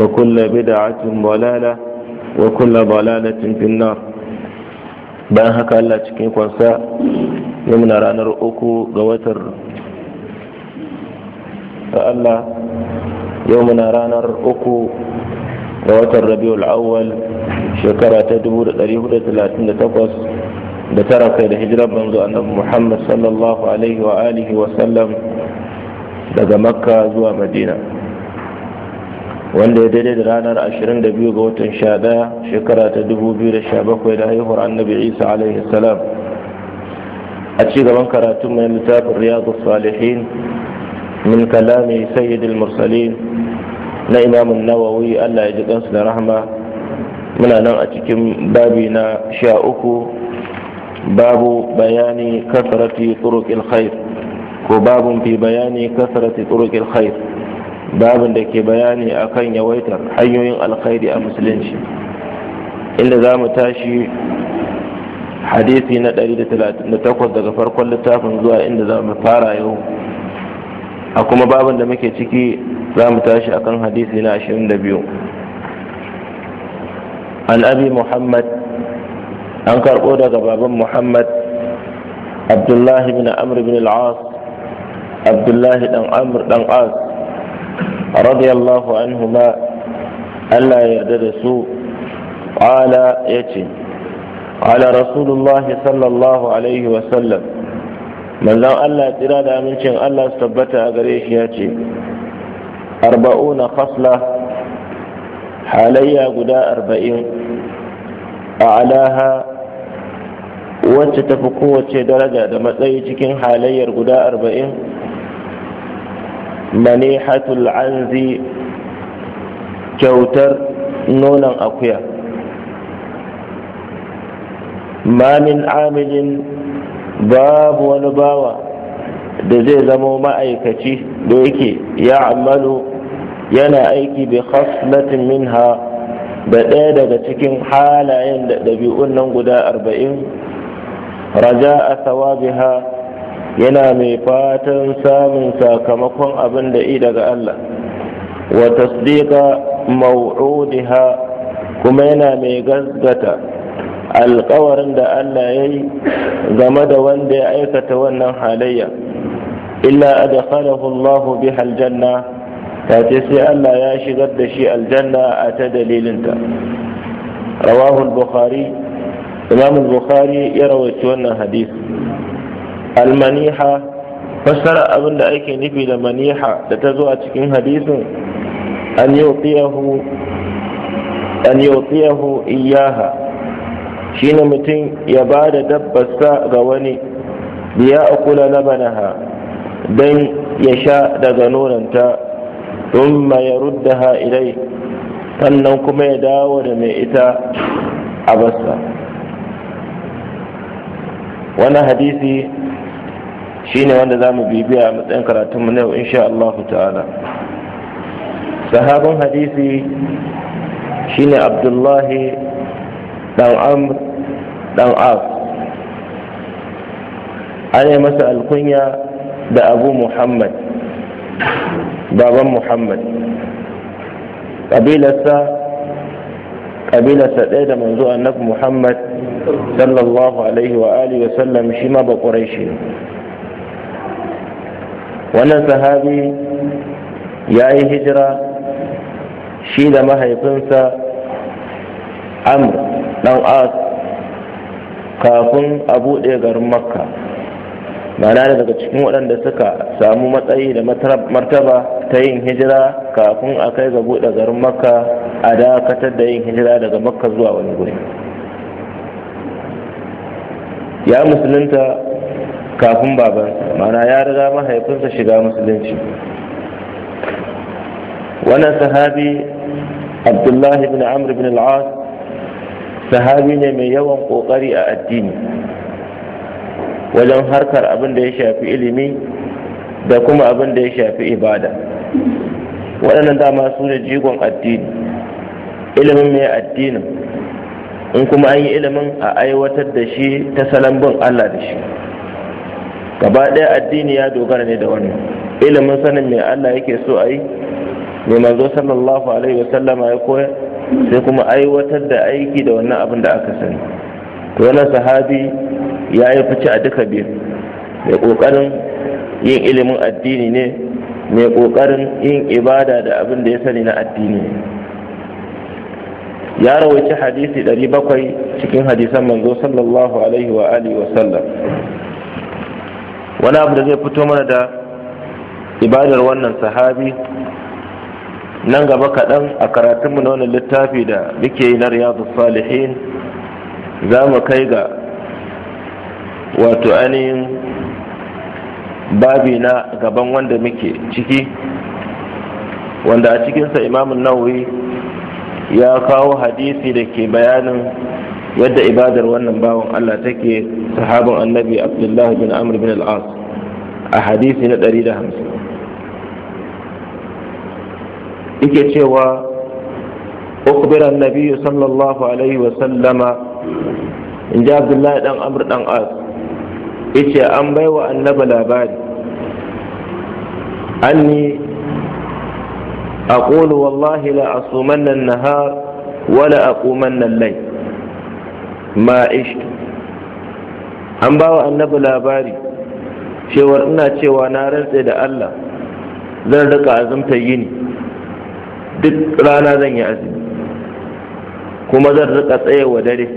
وكل بدعة ضلالة وكل ضلالة في النار bayan haka Allah cikin kwansa ranar uku yau muna ranar uku ga watan rabiul awwal shekara ta 1438 da tara kai da hijirar banzo annabi Muhammad sallallahu alaihi wa alihi daga makka zuwa madina wanda ya daidai da ranar 22 ga watan 11 shekara ta 2017 da haihuwar annabi isa alaihi salam a ci gaban karatun mai littafin riyadu salihin min kalami sayyidul mursalin na imamun nawawi allah ya ji kansu da rahama muna nan a cikin babi na sha uku babu bayani kasarati turuqil khair ko babun fi bayani kasarati turuqil khair babin da ke bayani akan yawaitar hanyoyin alkhairi a musulunci inda za mu tashi hadisi na 138 daga farkon littafin zuwa inda za mu fara yau a kuma babin da muke ciki za mu tashi akan hadisi na 22 an abi muhammad an karbo daga baban muhammad abdullahi bin amr bin al'as abdullahi dan amr dan as radiyallahu anhuma Allah ya da su qala yace qala rasulullah sallallahu alaihi wa sallam manzon Allah tsira da amincin Allah su tabbata a gare shi yace arba'una khasla halayya guda arba'in a alaha wacce tafi kowace daraja da matsayi cikin halayyar guda arba'in manihatul anzi kyautar nonon akuya mamin amilin babu wani bawa da zai zama ma'aikaci da yake ya amalu yana aiki bi khaslatin minha da ɗaya daga cikin halayen da ɗabi'un nan guda arba'in raja a sawabiha yana mai fatan samun sakamakon abin da i daga Allah wa tasdiqa maw'udiha kuma yana mai gasgata alƙawarin da Allah ya yi game da wanda ya aikata wannan halayya illa adkhalahu Allah biha aljanna ta ce sai Allah ya shigar da shi aljanna a ta dalilinta rawahu al-bukhari imam al-bukhari ya rawaito wannan hadisi almaniha fassara abin da ake nufi da maniha da ta zo a cikin hadisin an yautiyahu iyaha shine mutum ya ba da dabbarsa ga wani biya akula labanaha don ya sha daga nonanta thumma ya ruddaha ilai sannan kuma ya dawo da mai ita a bassa wani hadisi shine wanda za mu bibiya a matsayin karatunmu na yau insha Allah ta'ala sahabin hadisi shine abdullahi dan amr dan af masa alkunya da abu muhammad baban muhammad ƙabilarsa ƙabilarsa ɗaya da manzo annabi muhammad sallallahu alaihi wa alihi wa sallam shi ma ba ƙurai shi ne wannan sahabi ya yi hijira shi da mahaifinsa amr dan as kafin a buɗe garin makka ma'ana daga cikin waɗanda suka samu matsayi da martaba ta yin hijira kafin a kai ga buɗe garin makka a dakatar da yin hijira daga makka zuwa wani guri ya musulunta kafin babansa mana ya riga mahaifinsa shiga musulunci wannan sahabi abdullahi bin amr bin al'as sahabi ne mai yawan kokari a addini wajen harkar abin da ya shafi ilimi da kuma abin da ya shafi ibada waɗannan dama su ne jigon addini ilimin mai addinin in kuma an yi ilimin a aiwatar da shi ta salon allah da shi gaba ɗaya addini ya dogara ne da wannan ilimin sanin me Allah yake so a yi mai manzo sallallahu alaihi wa sallama ya koya sai kuma aiwatar da aiki da wannan abin da aka sani to wannan sahabi ya yi fice a duka biyu mai kokarin yin ilimin addini ne mai kokarin yin ibada da abin da ya sani na addini ne ya rawaci hadisi 700 cikin hadisan manzo sallallahu alaihi wa alihi wa sallam wani abu da zai fito mana da ibadar wannan sahabi nan gaba kaɗan a karatunmu na wannan littafi da muke yi na riyadu salihin za mu kai ga wato ainihin babi na gaban wanda muke ciki wanda a cikinsa imamun nawawi ya kawo hadisi da ke bayanin yadda ibadar wannan bawan Allah take sahabin annabi Abdullah bin Amr bin al-As a hadisi na 150 yake cewa أخبر النبي صلى الله عليه وسلم إن جاء عبد الله دان أمر دان آس إيش أن بيوى النبى لاباري أني أقول والله لا أصومن النهار ولا أقومن الليل ma ishtu an bawa wa annabi labari cewar ina cewa na rantse da Allah zan rika azumta yini duk rana zan yi azumi kuma zan rika wa dare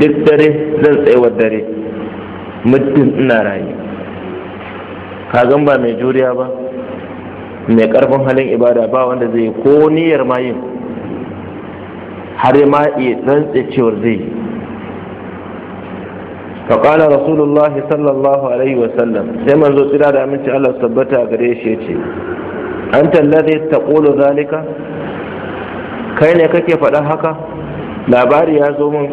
duk dare zan wa dare muddin ina rayu kagan ba mai juriya ba mai karfin halin ibada ba wanda zai yi ko niyyar ma yin har ma iya rantse cewar zai yi فقال رسول الله صلى الله عليه وسلم سيما tsira da دا منتي الله ثبتا gare shi yace anta alladhi taqulu zalika kai ne kake faɗa haka labari ya zo min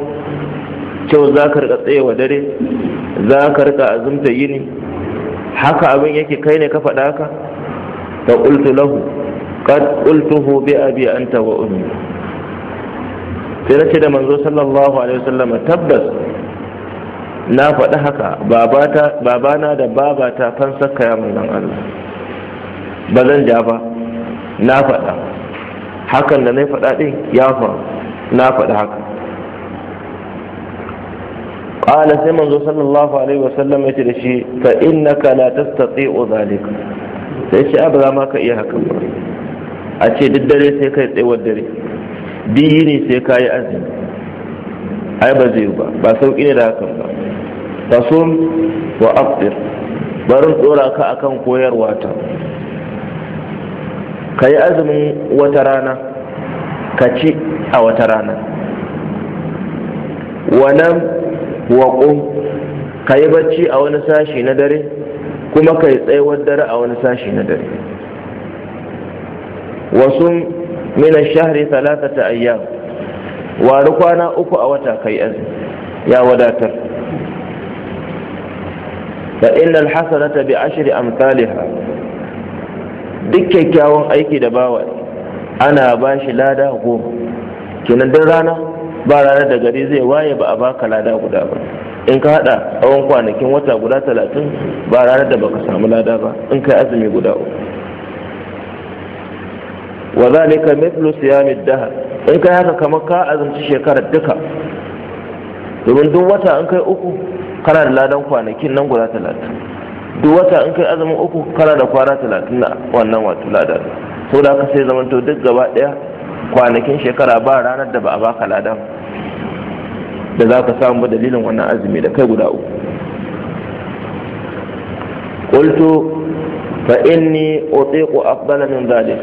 cewa za ka rika wa dare za ka rika azumta yini haka abin yake kai ne ka faɗa haka fa qultu lahu qad qultuhu bi abi anta wa ummi sai na ce da manzo sallallahu alaihi wasallam tabbas na faɗi haka babana da babata fan saka ya manzon Allah ba zan ja ba na faɗa hakan da na faɗa ɗin ya faru na faɗa haka ƙala sai manzo sallallahu alaihi wasallam ya ce da shi fa ka la tastati'u zalika sai shi ba za ma ka iya hakan ba a ce duk dare sai kai wa dare biyi ne sai ka yi azumi ai ba zai ba ba sauƙi ne da hakan ba fasum wa afdir barin tsora ka akan koyarwa ta ka yi azumin wata rana ka ci a wata rana wannan waƙo ka yi bacci a wani sashi na dare kuma ka yi tsayuwar dare a wani sashi na dare wasu min ash-shahri thalathata ayyam wari kwana uku a wata kai an ya wadatar fa inna al-hasanata bi ashri amsalha duk kyakkyawan aiki da bawa ana ba shi lada goma kenan duk rana ba ranar da gari zai waye ba a baka lada guda ba in ka hada tsawon kwanakin wata guda talatin ba ranar da baka samu lada ba in kai azumi guda uku wa zalika mithlu siyamid dahr in kai haka kamar ka azumci shekarar duka domin duk wata in kai uku kana da ladan kwanakin nan guda talatin duk wata in kai azumin uku kana da kwana talatin na wannan wato ladan da ka sai zamanto duk gaba daya kwanakin shekara ba ranar da ba a baka ladan da za ka samu dalilin wannan azumi da kai guda uku fa inni utiqu afdala min zalik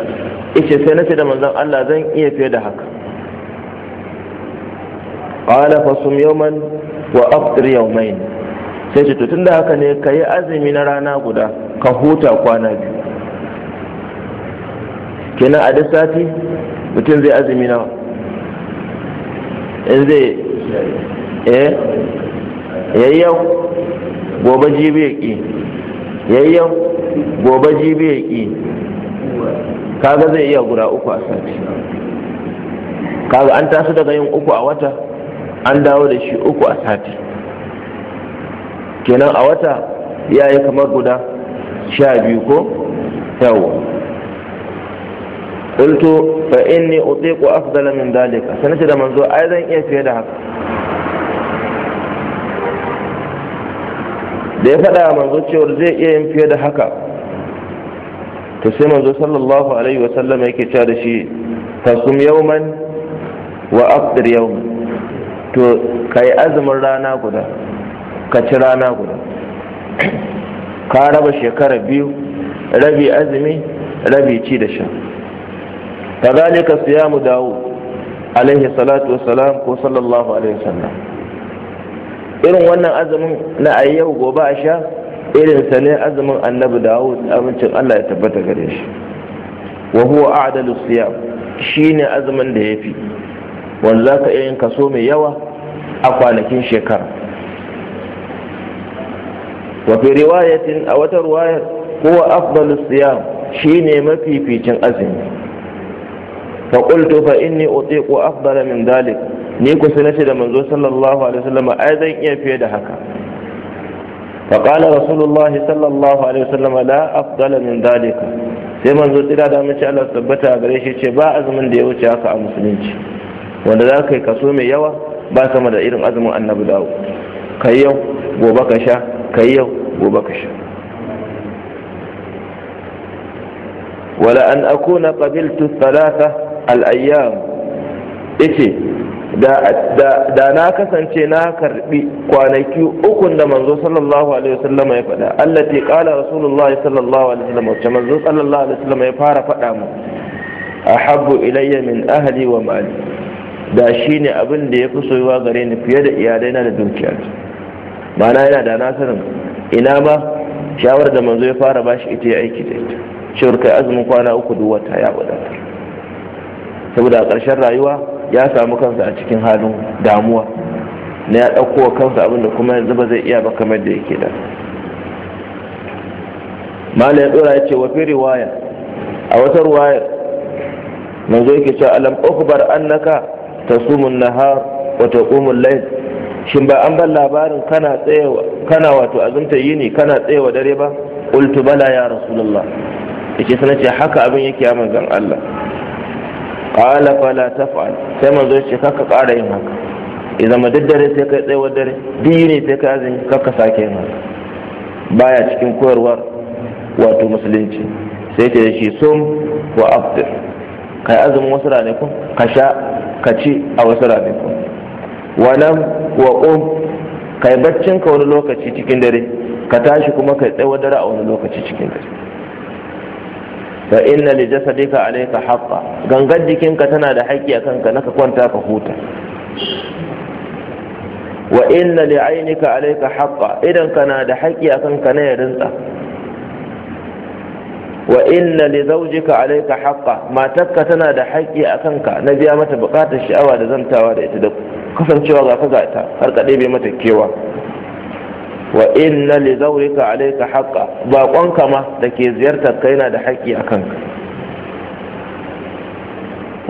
ice sai na nace da manzon Allah zan iya fiye da haka qala fa sum yawman wa aftir yawmain sai ce to tunda haka ne kayi azumi na rana guda ka huta kwana biyu kenan a duk sati mutum zai azumi nawa in zai eh yayyau gobe jibi ya ki yayyau gobe jibi ya ƙi kaga zai iya guda uku a sati kaga an taso daga yin uku a wata an dawo da shi uku a sati kenan a wata ya yi kamar guda sha biyu ko yawo قلت فإني أطيق أفضل من ذلك سنتي da manzo ai zan iya fiye da haka da ya faɗa manzo cewar zai iya yin fiye da haka to sai manzo sallallahu alaihi wasallam yake cewa da shi fasum yawman wa afdir yauman to ka yi azumin rana guda ka ci rana guda ka raba shekara biyu rabi azumi rabi ci da sha kazalika siyamu dawud alaihi salatu wasalam ko sallallahu alaihi wasallam irin wannan azumin na a yau gobe a sha irin sa ne azumin annabi dawud amincin allah ya tabbata gare shi wa huwa a'dalu siyam shine azumin da yafi wanda zaka iya yin kaso mai yawa a kwanakin shekara wa fi riwayatin a wata riwayar huwa afdalu siyam shine mafificin azumi fa qultu fa inni utiqu afdala min dhalik ni ku sai nace da manzo sallallahu alaihi wasallam ai zan iya fiye da haka fa qala rasulullahi sallallahu alaihi wasallam la afdala min dhalik sai manzo tsira da mace Allah tabbata gare shi ce ba azumin da ya wuce haka a musulunci wanda za ka yi kaso mai yawa ba sama da irin azumin annabi dawo kai yau gobe ka sha kai yau gobe ka sha ولأن أكون قبلت الثلاثة al'ayyam ce da na kasance na karbi kwanaki ukun da manzo sallallahu alaihi wasallam ya faɗa allati kala rasulullahi sallallahu alaihi wasallam wacce manzo sallallahu alaihi wasallam ya fara faɗa mu ahabbu ilayya min ahli wa mali da shi ne abin da fi soyuwa gare ni fiye da iyalaina da dukiya ma'ana yana da na sanin ina ma shawar da manzo ya fara bashi ita ya aiki da ita cewar kai azumin kwana uku duk wata ya wadata saboda a ƙarshen rayuwa ya samu kansa a cikin halin damuwa na ya ɗauko kansa abinda kuma yanzu ba zai iya ba kamar da yake da mala ya ɗora ya ce wa fi riwaya a wata riwayar manzo yake cewa alam ukhbar annaka tasumun nahar wa taqumun layl shin ba an ban labarin kana tsayewa kana wato azumta yini kana tsayewa dare ba qultu bala ya rasulullah yake sanace haka abin yake ya manzon Allah qala fala taf'al sai manzo ya ce kaka ƙara yin haka idan zama daddare sai kai tsaye dare biyu ne sai kai azumi kaka sake yin haka baya cikin koyarwar wato musulunci sai ta yi shi sum wa aftir kai azumin wasu ranaku? ka sha ka ci a wasu ranakun Wala wa qum kai baccin ka wani lokaci cikin dare ka tashi kuma kai tsaye dare a wani lokaci cikin dare fa inna li jasadika alayka haqqa gangan jikinka tana da haƙƙi akan ka naka kwanta ka huta wa inna li aynika alayka haqqa idan kana da haƙƙi akan ka na yarinta wa inna li zawjika alayka haqqa matarka tana da haƙƙi akan ka na biya mata buƙatar sha'awa da zantawa da ita da kasancewa ga ka ta har ka ɗebe mata kewa wa inna li zawrika alayka haqqa baƙonka ma da ke ziyartar kaina yana da haƙƙi a kanka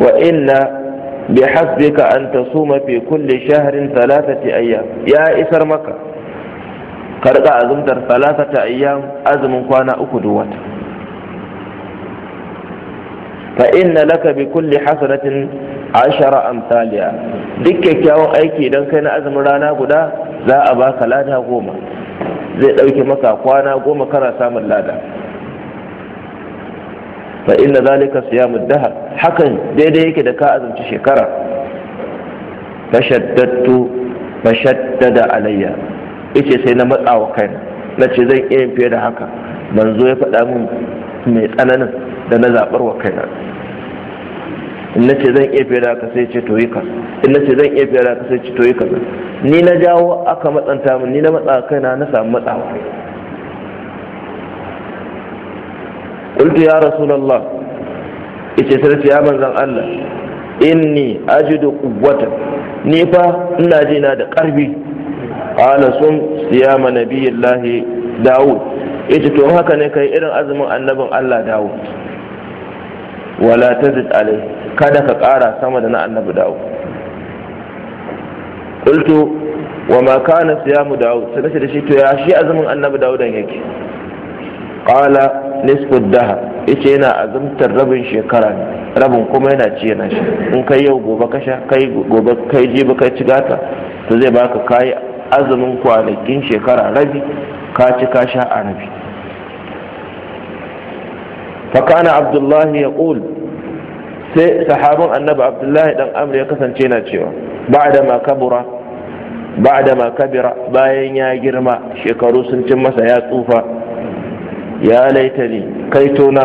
wa inna bi hasbika an tasuma fi kulli shahrin thalathati ayyam ya isar maka karka azumtar thalathata ayyam azumin kwana uku duk wata fa inna laka bi kulli hasanatin ashara amsaliya duk kyakkyawan aiki idan kai na azumin rana guda za a baka lada goma zai ɗauke maka kwana goma kana samun lada fa inna zalika siyamu dahar hakan daidai yake da ka azumci shekara fashaddatu fashaddada alayya yace sai na matsa wa kai na ce zan iya fiye da haka manzo ya faɗa min mai tsananin da na zaɓar wa kaina in na ce zan iya fiye da sai ce to yi ka in na ce zan iya fiye da sai ce to yi ka ni na jawo aka matsanta min ni na matsa kaina na samu matsawa qultu ya rasulullah yace sai ce ya manzan Allah inni ajidu quwwata ni fa ina ji na da karfi qala sun siyama nabiyillahi daud yace to haka ne kai irin azumin annabin Allah daud wala tazid alaihi kada ka ƙara sama da na annabi da'ud qultu wa ma kana siyamu dawo, sai nace da shi to ya shi azumin annabi dan yake qala nisfu dahar yace yana azumtar rabin shekara rabin kuma yana ci yana shi in kai yau gobe ka sha kai gobe kai ba kai ci gata to zai baka kai azumin kwanakin shekara rabi ka ci ka sha a rabi fakana abdullahi ya sai sahabin annabi abdullahi dan amr ya kasance na cewa ba'da ma kabura ba'da ma kabira bayan ya girma shekaru sun cin masa ya tsufa ya laitani na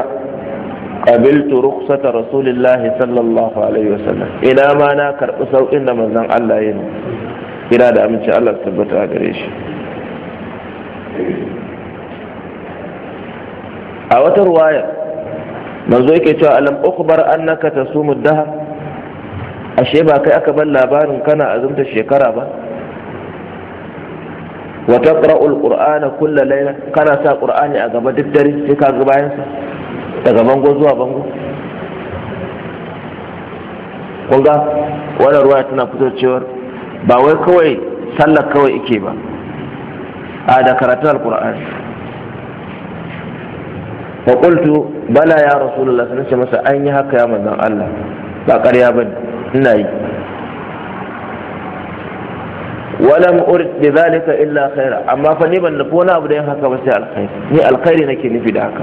qabiltu rukhsata rasulillahi sallallahu alaihi wasallam ina ma na karbi saukin da manzon Allah yin ina da aminci Allah tabbata gare shi a wata ruwayar manzo yake cewa alam ukhbar annaka tasumu dahar ashe ba kai aka bar labarin kana azumta shekara ba wa taqra'ul alqur'ana kulla layla kana sa qur'ani a gaba duk dare sai ka ga bayan sa daga bango zuwa bango kun ga wannan ruwa tana fito cewa ba wai kawai sallar kawai ike ba a da karatun alqur'ani fa bala ya rasulullah sai ce masa an yi haka ya mazan Allah ba ƙarya ba ina yi walam urid bi zalika illa khaira amma fa ni ban nufi wani abu da yin haka ba sai alkhairi ni alkhairi nake nufi da haka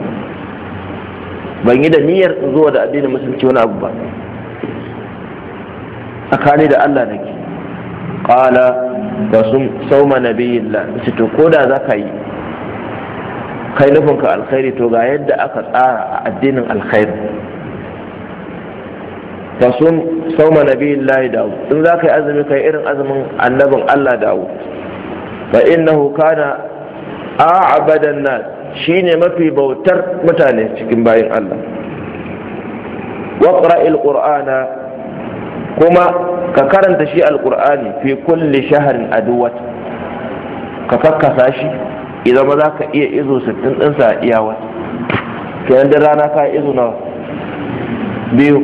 ban yi da niyyar zuwa da addinin musulunci wani abu ba tsakani da Allah nake qala wa sum sawma nabiyillah to ko da zaka yi kai nufinka alkhairi to ga yadda aka tsara a addinin alkhairi fa sun sauma nabiyin lahi dawud in za ka yi azumi kai irin azumin annabin allah dawud fa innahu kana a'abadan shi shine mafi bautar mutane cikin bayan allah waqra alqur'ana kuma ka karanta shi alqur'ani fi kulli shaharin adwat ka kakkasa shi Idan zama za ka iya izo sittin ɗinsa a iya wata kenan din rana ka izo na biyu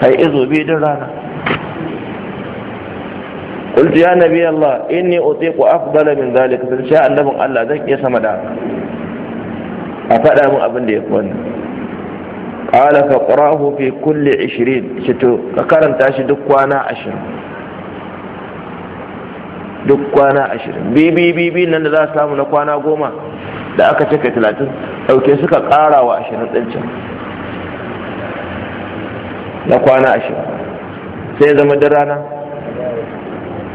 ka izo biyu din rana قلت يا نبي الله إني أطيق أفضل من ذلك haka. شاء faɗa min الله ذلك ya fi wani. من أبن دي إخوان قال فقرأه في كل عشرين شتو shi تاشي دكوانا ashirin. duk kwana ashirin bibi nan da za su samu na kwana goma da aka cika talatin dauke suka kara wa ashirin ɗin na kwana ashirin sai zama da rana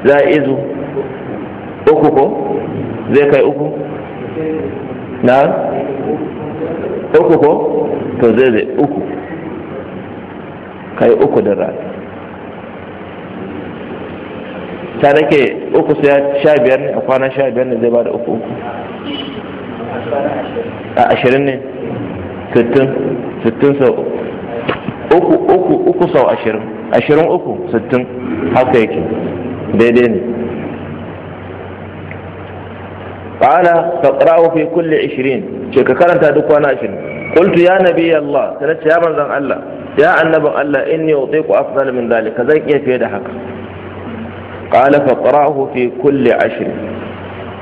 za a izu uku ko zai kai uku na uku ko to zai zai uku kai uku da rana ta ke uku sai sha biyar ne a kwana sha biyar ne zai ba da uku uku a ashirin ne sittin sittin sau uku uku uku sau ashirin ashirin uku sittin haka yake daidai ne ƙala ka ƙirawo fi kulle ashirin ce ka karanta duk kwana ashirin قلت يا Allah, ya سنتي Allah in ne يا النبي ku إني أطيق أفضل من iya fiye da haka. qala faqra'hu fi kulli ashr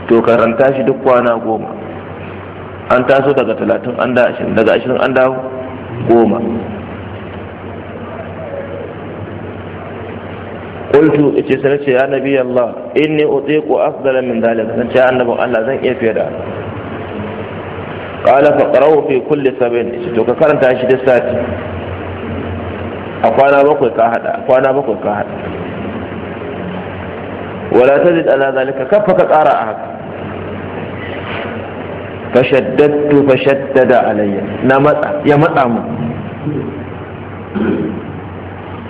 to karanta shi duk kwana goma an taso daga talatin an ashirin daga ashirin an dawo goma qultu ce sai ce ya nabi Allah inni utiqu afdala min dhalik sai ce annabin Allah zan iya fiye da qala faqrahu fi kulli sab'in to karanta shi da sati a kwana bakwai ka hada wala ta tajid ala zalika kafa ka tsara a haka fashaddatu fashaddada alayya na matsa ya matsa mu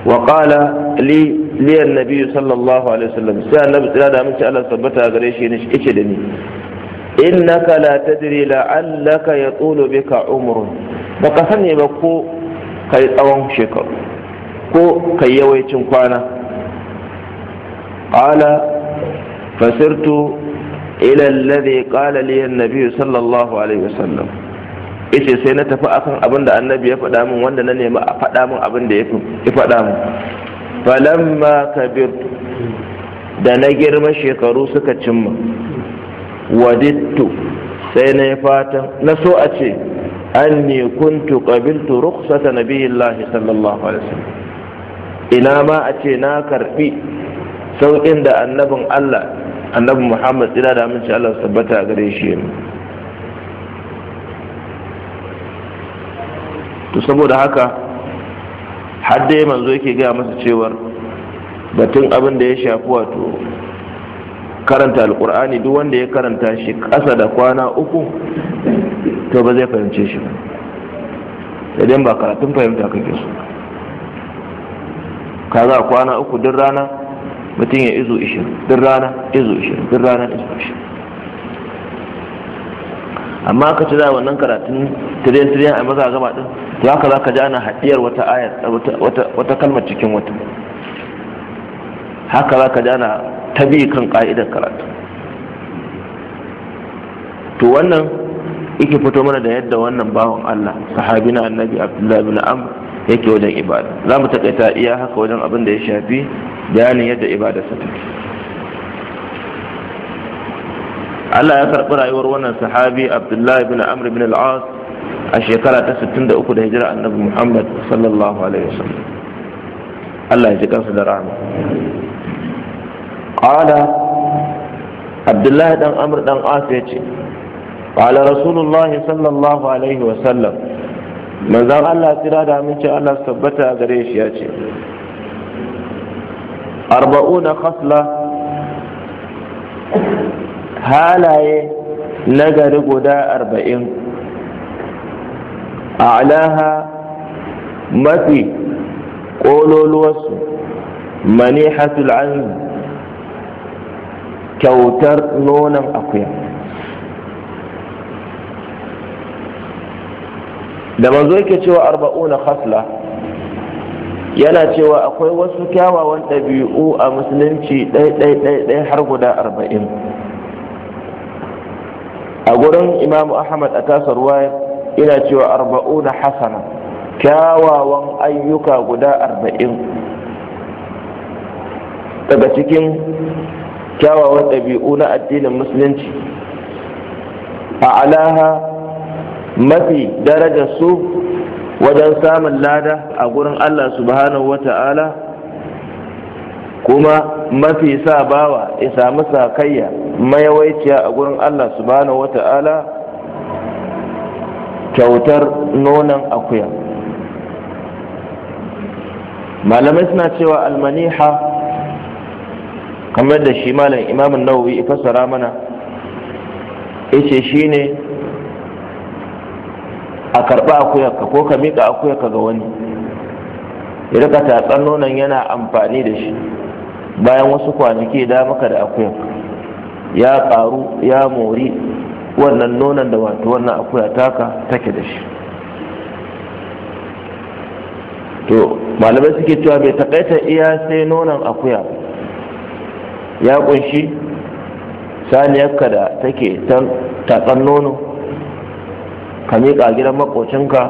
wa qala li li annabi sallallahu alaihi wasallam sai annabi tsira da mun ce Allah tabbata gare shi ne yace da ni innaka la tadri la'allaka yatulu bika umrun baka sani ba ko kai tsawon shekaru ko kai yawaicin kwana فسرت fasirtu الذي قال لي النبي صلى sallallahu alaihi وسلم ishe sai na tafi akan abin da annabi ya faɗa min wanda na nemi a faɗa min abin da ya faɗa min falamma kabir da na girma shekaru suka cimma wadittu sai na yi fatan na so a ce an ne kuntu qabiltu rukhsata nabiyillahi sallallahu alaihi wasallam ina ma a ce na karbi sauƙin da annabin Allah annabin Muhammad tsira da aminci Allah tabbata a gare shi to saboda haka har ya manzo yake gaya masa cewar batun abin da ya shafi wato karanta alkur'ani duk wanda ya karanta shi ƙasa da kwana uku to ba zai fahimce shi ba dai ba karatun fahimta kake so kaga kwana uku duk rana mutum ya izu ishirin duk rana izu ishirin duk rana izu ishirin amma ka ci za wannan karatun tiriyan tiriyan a maza gaba din to haka za ka ji ana haɗiyar wata ayar wata kalmar cikin wata haka za ka ji ana tabi kan ƙa'idar karatu to wannan yake fito mana da yadda wannan bawan Allah sahabi na annabi Abdullahi bin Amr yake wajen ibada za mu taƙaita iya haka wajen abin da ya shafi bayanin yadda ibadarsa take Allah ya karɓi rayuwar wannan sahabi Abdullahi bin Amr bin al-As a shekara ta 63 da hijira Annabi Muhammad sallallahu alaihi wasallam Allah ya ji kansa da rana. qala Abdullahi ɗan Amr ɗan As ce, qala Rasulullahi sallallahu alaihi wasallam Manzan Allah tira da aminci Allah tabbata gare shi ya ce. arba'una khasla halaye nagari guda arba'in a a'laha mafi ƙololuwarsu manihatul ayn kyautar nonon akuya da manzo yake cewa arba'una khasla yana cewa akwai wasu kyawawan ɗabi'u a musulunci ɗai har guda arba'in a gurin imamu ahmad a tasar waya yana cewa arba'u na hasana kyawawan ayyuka guda arba'in daga cikin kyawawan ɗabi'u na addinin musulunci a alaha mafi darajar su wajen samun lada a gurin Allah subhanahu wa ta'ala kuma mafi sa bawa ya samu sakayya mayawaiciya a gurin Allah subhanahu wa ta'ala kyautar nonon akuya malamai suna cewa almaniha kamar da shi malam imamun nawawi ya fassara mana shine a karɓi akuyarka ko ka miƙa ka ga wani ya rika tatsan nonon yana amfani da shi bayan wasu kwanaki da maka da akuyar ya ƙaru ya mori wannan nonon da wato wannan akuya taka take da shi to malamai suke cewa bai takaita iya sai nonon akuya ya kunshi saniyarka da take tatsan nono ka miƙa a gidan makocinka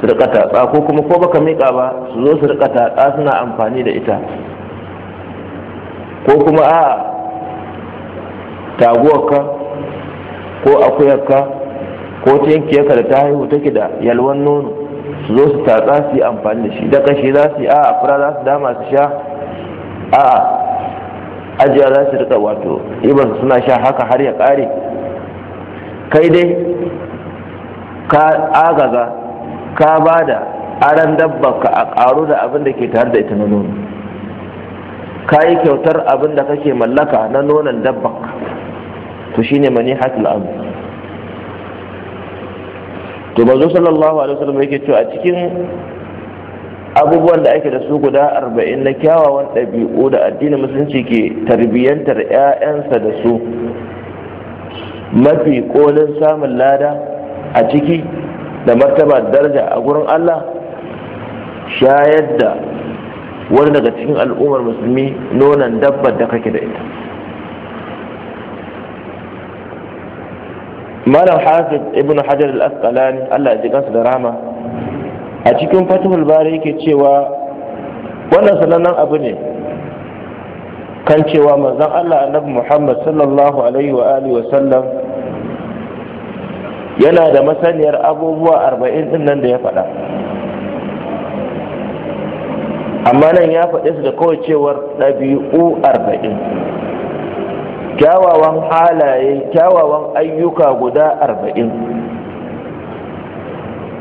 su rika tatsa ko kuma ko baka miƙa ba su zo su rika tatsa suna amfani da ita ko kuma a taguwarka ko akuyarka ko tinkiyarka da ta haihu take da yalwan nono su zo su tatsa su yi amfani da shi da kashi za su yi a fura za su dama su sha a ajiya za su rika wato ibansu suna sha haka har ya ƙare kai dai ka agaza ka ba da aran dabba ka a karu da abin da ke tare da ita na nono ka yi kyautar abin da kake mallaka na nonon dabba to shine mani hatul abu to bazo sallallahu alaihi wasallam yake cewa a cikin abubuwan da ake da su guda arba'in na kyawawan ɗabi'u da addinin musulunci ke tarbiyyantar 'ya'yansa da su mafi kolin samun lada a ciki da martaba daraja a gurin Allah shayar da wani daga cikin al'ummar musulmi nonon dabbar da kake da ita malam hafiz ibn hajar al-asqalani Allah ya ji kansa da rama a cikin fatihul bari yake cewa wannan sanannen abu ne kan cewa manzon Allah annabi Muhammad sallallahu alaihi wa alihi wa sallam yana da masaniyar abubuwa arba'in din nan da ya faɗa amma nan ya faɗi su da kawai cewar ɗabi'u arba'in kyawawan halaye kyawawan ayyuka guda arba'in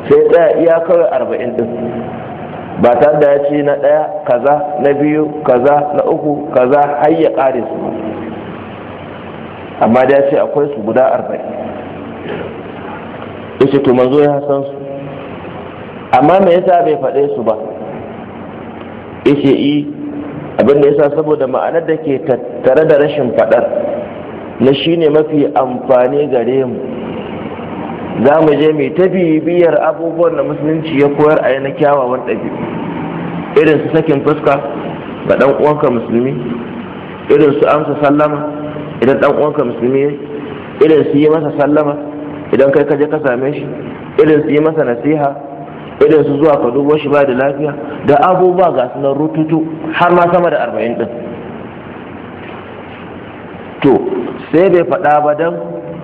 sai ɗaya iya kawai arba'in din. ba tare da ya ce na ɗaya kaza na biyu kaza na uku kaza har ya ƙare su amma da ya ce akwai su guda arba'in yace to manzo ya san su amma me yasa bai faɗe su ba yace i abin da yasa saboda ma'anar da ke tattare da rashin faɗar na shine mafi amfani gare mu za mu je mai ta bibiyar abubuwan da musulunci ya koyar a yana kyawawan ɗabi'u irin su sakin fuska ga ɗan uwanka musulmi irin su amsa sallama idan ɗan uwanka musulmi irin su yi masa sallama idan kai ka je ka same shi irin su yi masa nasiha irin su zuwa ka dubo shi ba da lafiya da abubuwa ga su nan rututu har ma sama da arba'in ɗin. to sai bai faɗa ba dan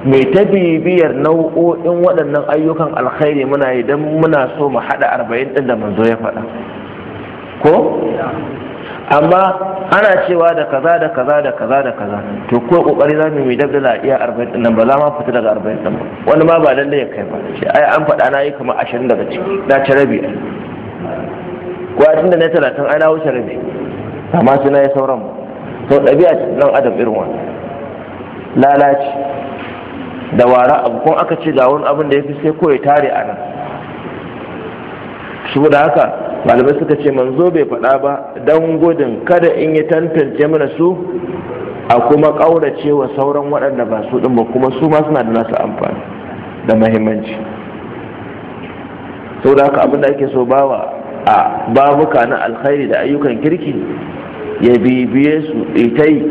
mai ta bibiyar nau'o'in waɗannan ayyukan alkhairi muna yi don muna so mu haɗa arba'in ɗin da manzo ya faɗa ko amma ana cewa da kaza da kaza da kaza da kaza to ko kokari za mu yi da iya 40 din nan ba za ma fita daga 40 din ba wani ma ba lalle ya kai ba shi ai an faɗa na yi kuma 20 daga ciki na ci rabi ko a tunda na 30 ai na wuce rabi amma sai na yi sauran to ɗabi'a nan adam irin wa. lalaci da wara abu kun aka ce ga wani abin da ya fi sai ko ya tare a nan da haka malamai suka ce manzo bai faɗa ba don gudun kada in yi tantance mana su a kuma ƙaurace wa sauran waɗanda ba su ɗin ba kuma su ma suna da nasu amfani da mahimmanci sau da haka abin da ake so bawa a babuka na alkhairi da ayyukan kirki ya bibiye su itai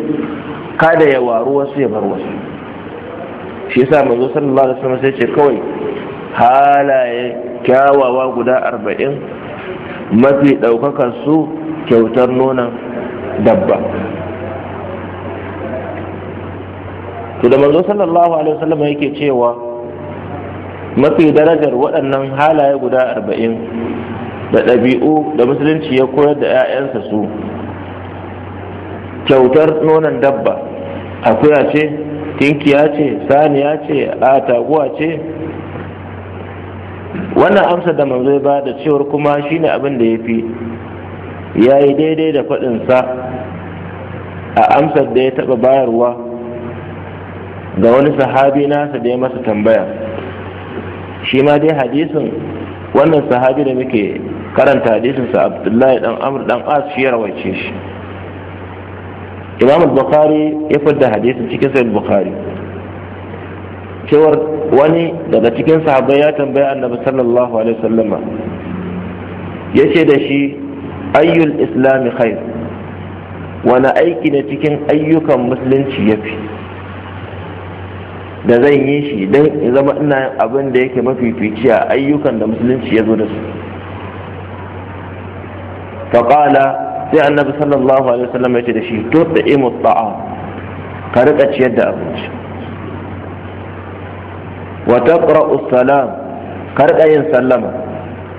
kada ya waru wasu ya bar wasu shi yasa manzo sallallahu alaihi wasallam sai ce kawai halaye kyawawa guda arba'in mafi ɗaukakar su kyautar nonon dabba to da manzo sallallahu alaihi wasallam yake cewa mafi darajar waɗannan halaye guda arba'in da ɗabi'u da musulunci ya koyar da 'ya'yansa su kyautar nonon dabba akuya ce tinkiya ce saniya ce a taguwa ce wannan amsa da manzo ya bada cewar kuma shine abin da yafi yayi daidai da sa a amsar da ya taɓa bayarwa ga wani sahabi nasa da ya masa tambaya shi ma dai hadisin wannan sahabi da muke karanta hadisinsa abdullahi dan amr dan as shi ya rawaice shi imam al-bukhari ya fadda hadisin cikin sahih bukhari cewar wani daga cikin sahabbai ya tambaya annabi sallallahu alaihi wasallama ya da shi ayyul islami khair wani aiki ne cikin ayyukan musulunci ya fi da zan yi shi don zama ina abin da yake mafifici a ayyukan da musulunci ya zo da su faƙala sai annabi sallallahu alaihi wasallam ya ce da shi to da imu ka riƙa ciyar da abinci wa taqra'u salam karɗa yin sallama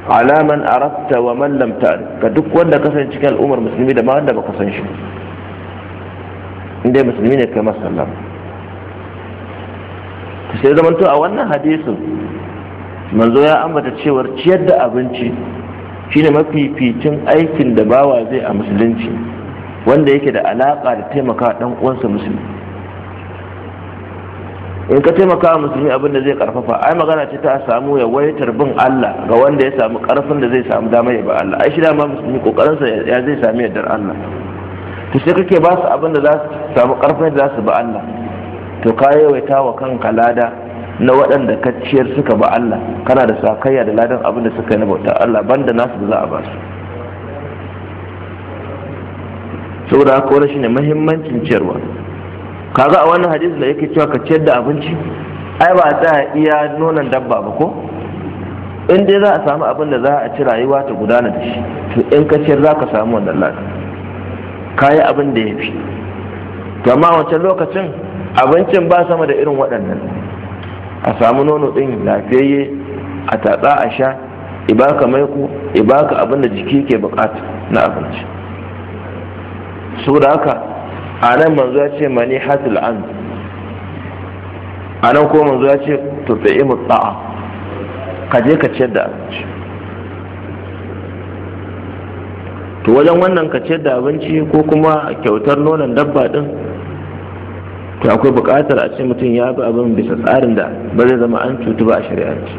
ala man arafta wa man lam ta'ri ka duk wanda kasan cikin al'ummar musulmi da ma wanda baka san shi inda musulmi ne kai masa sallama to sai zaman to a wannan hadisin manzo ya ambata cewar ciyar da abinci shine mafificin aikin da bawa zai a musulunci wanda yake da alaka da taimaka dan uwansa musulmi in ka taimaka musulmi abin da zai karfafa ai magana ce ta samu ya waitar bin Allah ga wanda ya samu karfin da zai samu damar ya ba Allah ai shi dama musulmi kokarin sa ya zai samu yardar Allah to sai kake ba su abin da za su samu karfin da za su ba Allah to ka yawaita wa kanka lada na waɗanda ka suka ba Allah kana da sakayya da ladan abin da suka yi na bautar Allah banda nasu da za a ba su saboda haka wani shine muhimmancin ciyarwa kaga a wannan hadisi da yake cewa ka ciyar da abinci ai ba ta iya nonon dabba ba ko in dai za a samu abin da za a ci rayuwa ta gudana da shi to in ka ciyar za ka samu wannan lafi ka yi abin da ya fi to amma wancan lokacin abincin ba sama da irin waɗannan a samu nono ɗin lafiyayye a tatsa a sha ibaka maiku ibaka abin da jiki ke bukata na abinci da haka a nan manzo ya ce mani hatul an a nan ko manzo ya ce tufi imu ta'a ka je ka ciyar da abinci to wajen wannan ka ciyar da abinci ko kuma kyautar nonon dabba din to akwai buƙatar a ce mutum ya bi abin bisa tsarin da ba zai zama an cutu ba a shari'anci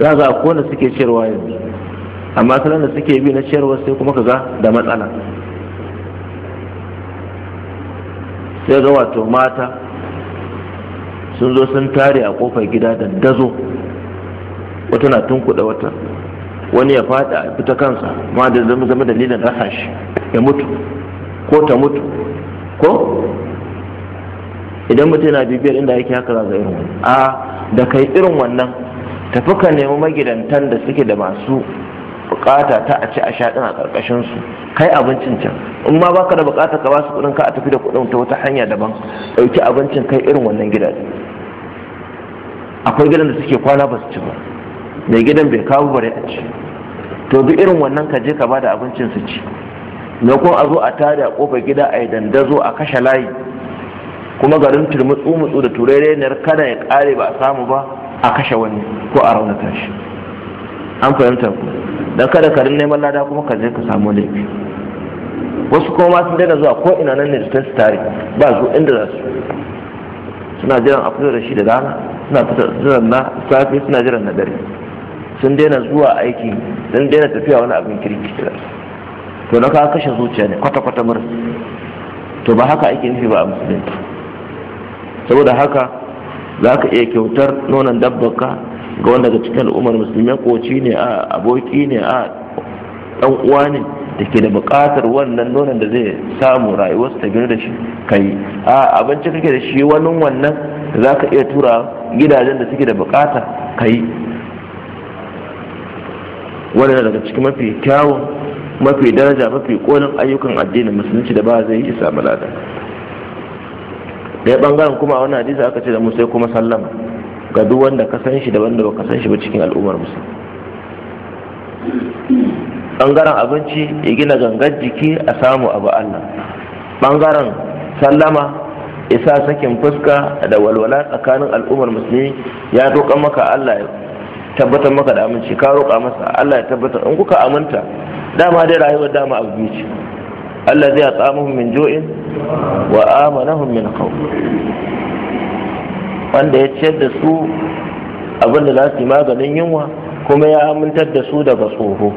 za ga akwai wanda suke ciyarwa yanzu amma salon da suke bi na ciyarwa sai kuma ka ga da matsala sai ga wato mata sun zo sun tare a kofar gida da dazo wata na tunkuɗa wata wani ya fada a fita kansa ma da zama zama dalilin rasa shi ya mutu ko ta mutu ko idan mutum yana bibiyar inda yake haka za irin a da kai irin wannan tafi ka nemi magidantan da suke da masu bukata ta a ci a sha ɗin a ƙarƙashin su kai abincin can in ma baka da bukata ka basu kuɗin ka a tafi da kuɗin ta wata hanya daban ɗauki abincin kai irin wannan gidaje akwai gidan da suke kwana ba su ci ba mai gidan bai kawo bare a ci to duk irin wannan ka je ka bada abincin su ci na kuma a zo a tare a kofar gida a yi dandazo a kashe layi kuma garin turmutsu mutsu da turai kada ya kare ba a samu ba a kashe wani ko a raunata shi an fahimta ku don kada ka rin neman lada kuma ka je ka samu laifi wasu kuma sun daina zuwa ko ina nan ne su tare ba su inda za su suna jiran a fito da shi da rana suna fito jiran na safe suna jiran na dare sun daina zuwa aiki sun daina tafiya wani abin kirki to na kawo kashe zuciya ne kwata-kwata mura to ba haka aiki nufi ba a musulunci saboda haka za ka iya kyautar nonon dabbarka ga wanda daga cikin al'ummar musulmi makoci ne a aboki ne a dan uwa ne da ke da buƙatar wannan nonon da zai samu rayuwarsa ta gina da shi kai a abinci kake da shi wani wannan za ka iya tura gidajen da suke da buƙata kai wanda daga cikin mafi kyawun mafi daraja mafi kolin ayyukan addinin musulunci da ba zai yi samu Da ya bangaren kuma wani hadisa aka ce da mu sai kuma sallama ga duk wanda ka san shi da wanda baka san shi ba cikin al'ummar musu. bangaren abinci ya gina gangar jiki a samu abu Allah bangaren sallama isa sakin fuska da walwala tsakanin al'ummar musulmi ya roƙa maka Allah ya tabbatar maka da aminci ka roƙa masa Allah ya tabbatar in kuka aminta dama dai rayuwar dama abu biyu ce Allah zai atsamahum min jo'in wa amanahum min khawf wanda ya ciyar da su abinda za su yi maganin yunwa kuma ya amintar da su daga tsoho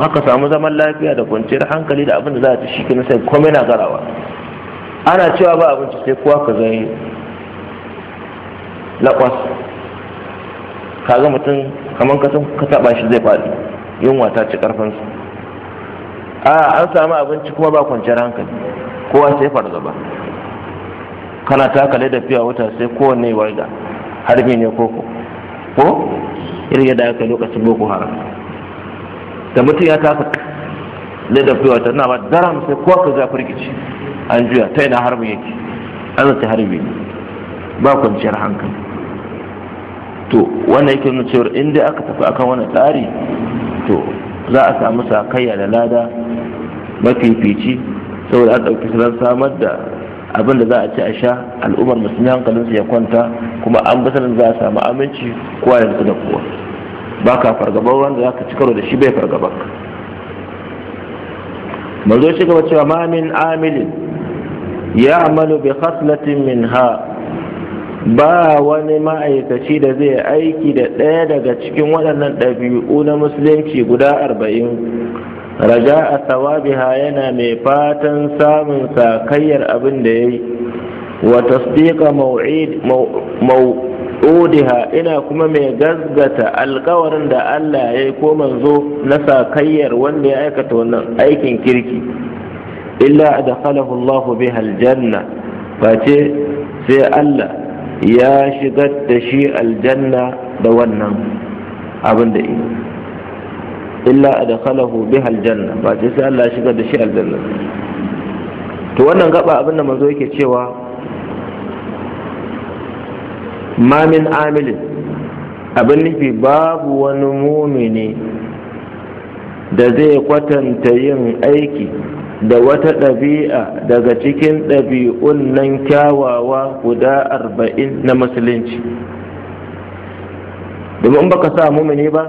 haka samu zaman lafiya da kwanciyar hankali da abinda za a ci shi ke sai komai na garawa ana cewa ba abinci sai kowa ka zai lakwas kaga mutum kamar ka taba shi zai faɗi yunwa ta ci karfinsa a an samu abinci kuma ba kwanciyar hankali kowa sai fargaba kana takale da fiya wuta sai kowanne da harbi ne koko ko irin yadda aka lokacin boko haram da mutum ya taka da fiya wuta na ba daram sai kowa ka za firgici an juya ta yana harbi yake an zata harbi ba kwanciyar hankali to wannan yake nuna cewar in dai aka tafi akan wani tsari to za a samu sakayya da lada mafifici saboda an ɗauki salon samar da abin da za a ci a sha al'ummar musulmi hankalinsu ya kwanta kuma an basanin za a samu aminci kowa ya da kowa ba ka fargaba wanda za ka ci karo da shi bai fargaba manzo shi gaba cewa mamin min amilin ya amalu bi khaslatin min ha ba wani ma'aikaci da zai aiki da ɗaya daga cikin waɗannan ɗabi'u na musulunci guda arba'in raja a sawabiha yana mai fatan samun sakayyar abin da ya yi wa tasdiqa maw'udiha ina kuma mai gazgata alkawarin da Allah ya yi ko manzo na sakayyar wanda ya aikata wannan aikin kirki illa a adkhalahu Allah aljanna face sai Allah ya shigar da shi aljanna da wannan abin da ina. illa adkhalahu biha aljanna ba sai sai Allah ya shiga da shi aljanna to wannan gaba abin da manzo yake cewa ma min abin nufi babu wani mumini da zai kwatanta yin aiki da wata ɗabi'a daga cikin ɗabi'un nan kyawawa guda arba'in na musulunci domin baka sa mumini ba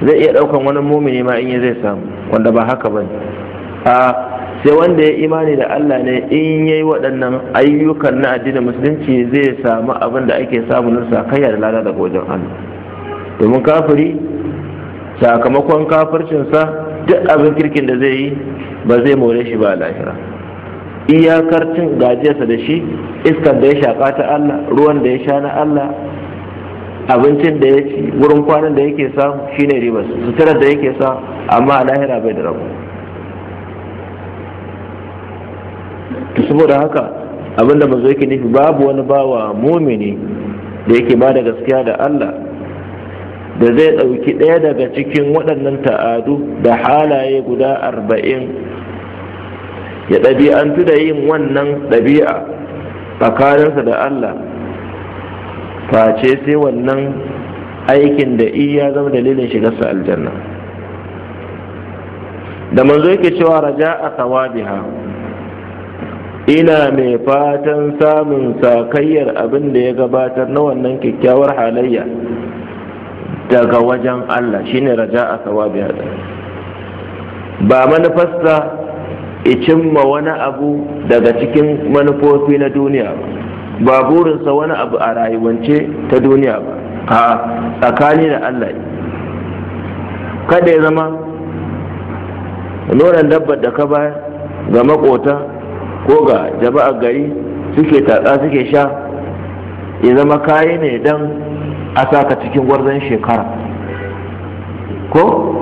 zai iya ɗaukan wani mumini ma in ya zai samu wanda ba haka ba a sai wanda ya imani da Allah ne in yayi waɗannan ayyukan na addinin musulunci zai samu abin da ake samu na sakayya da lada daga wajen Allah domin kafiri sakamakon kafircinsa duk abin kirkin da zai yi ba zai more shi ba lahira iyakar cin gajiyarsa da shi iskar da ya shaƙa ta Allah ruwan da ya sha na Allah abincin da ya ci wurin kwanan da yake samu shine ribas suturar da yake sa amma a lahira bai da rabu ta saboda haka abinda mazo yake nufi babu wani bawa mumini da yake ba da gaskiya da Allah da zai ɗauki ɗaya daga cikin waɗannan ta'adu da halaye guda arba'in ya ɗabi'antu da yin wannan ɗabi'a tsakaninsa da Allah face sai wannan aikin da iya zama dalilin shigarsa aljanna da manzo yake cewa raja a thawabiha ina mai fatan samun sakayyar abin da ya gabatar na wannan kyakkyawar halayya daga wajen Allah shine raja a thawabiha ba manufarsa ya cimma wani abu daga cikin manufofi na duniya ba ba burinsa wani abu a rayuwance ta duniya ba a tsakani da Allah kada ya zama nonon dabbar da ka bayar ga makota ko ga jama'a gari suke tatsa suke sha ya zama kayi ne don a saka cikin gwarzon shekara ko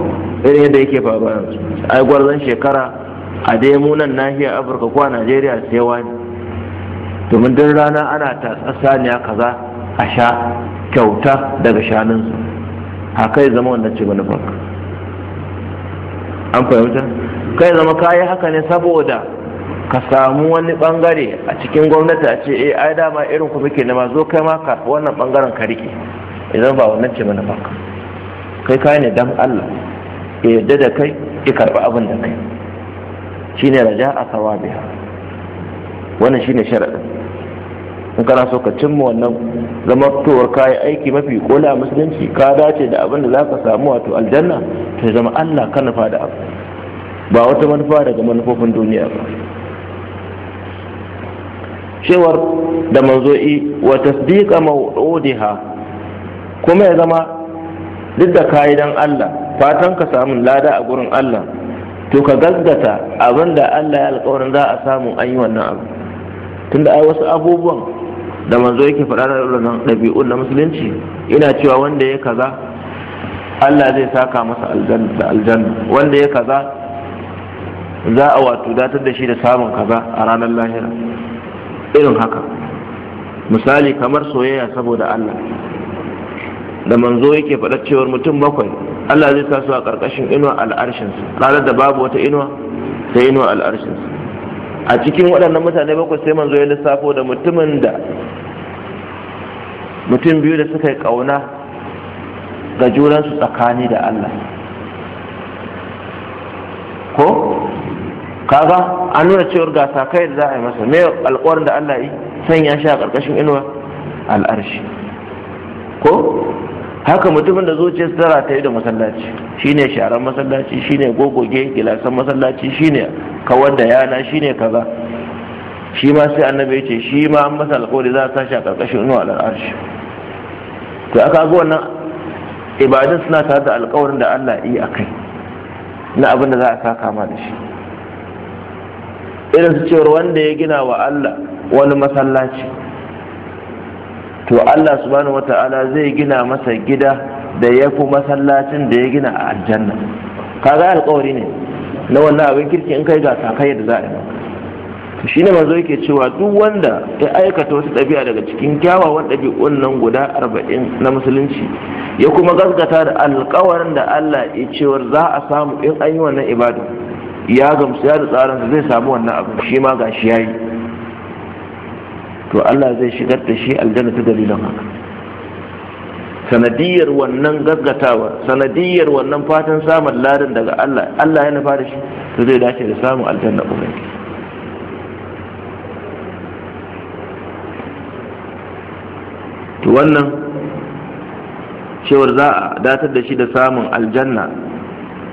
irin yadda yake faruwa ai gwarzon shekara a daimunan nahiyar afirka ko a najeriya sai wani domin duk rana ana tatsar saniya kaza a sha kyauta daga shanunsu haka kai zama wannan ce manufar an fahimta kai zama kayi haka ne saboda ka samu wani bangare a cikin gwamnati a ce eh ai dama irin ku muke nema zo kai ma wannan bangaren ka rike idan ba wannan ce manufa kai kai ne dan Allah ya yarda da kai ya karɓi abin da kai shine raja a sawabiha wannan shine sharadin in kana so ka cimma wannan zama fitowar kayan aiki mafi kola musulunci ka dace da abin da za ka samu wato aljanna ta zama allah ka nufa da abu ba wata manufa daga manufofin duniya ba cewar da manzo'i wa tasdiqa mawdudiha kuma ya zama duk da kayi dan Allah fatan ka samu lada a gurin Allah to ka gaggata abin da Allah ya alƙawarin za a samu an yi wannan abu tunda ai wasu abubuwan da manzo yake faɗa da irin ɗabi'un na musulunci ina cewa wanda ya kaza Allah zai saka masa da aljanna wanda ya kaza za a wato datar da shi da samun kaza a ranar lahira irin haka misali kamar soyayya saboda Allah da manzo yake faɗa cewar mutum bakwai Allah zai sa su a ƙarƙashin inuwa al'arshinsu ranar da babu wata inuwa sai inuwa al'arshinsu a cikin waɗannan mutane bakwai sai manzo ya lissafo da mutumin da mutum biyu da suka yi ƙauna ga junansu tsakani da Allah ko kaga an nuna cewar gasa kai da za a yi masa me alƙawarin da Allah yi sanya shi a ƙarƙashin inuwa al'arshi ko haka mutumin da zuciyar tara ta yi da masallaci shine sharan masallaci shine gogoge gilasan masallaci shine kawar da yana shine kaza shi ma sai annabi ce shi ma an masa alƙawari za a tashi a ƙarƙashin inuwa al'arshi to aka ga wannan ibadun suna tare da alƙawarin da Allah yi a kai na abin da za a saka ma da shi irin su cewar wanda ya gina wa Allah wani masallaci to Allah subhanahu wata'ala zai gina masa gida da ya fi masallacin da ya gina a aljanna kaga alkawari ne na wannan abin kirki in kai ga sakai da za a yi to shine manzo yake cewa duk wanda ya aikata wasu ɗabi'a daga cikin kyawawan ɗabi'un nan guda arba'in na musulunci ya kuma gaskata da alkawarin da Allah ya cewar za a samu in an yi wannan ibada ya gamsu ya da tsarin zai samu wannan abu shi ma gashi yayi to Allah zai shigar da shi aljanna ta dalilan haka sanadiyar wannan gaggatawa sanadiyar wannan fatan samun ladan daga Allah Allah ya nufa da shi to zai dace da samun aljanna ubangiji to wannan cewar za a datar da shi da samun aljanna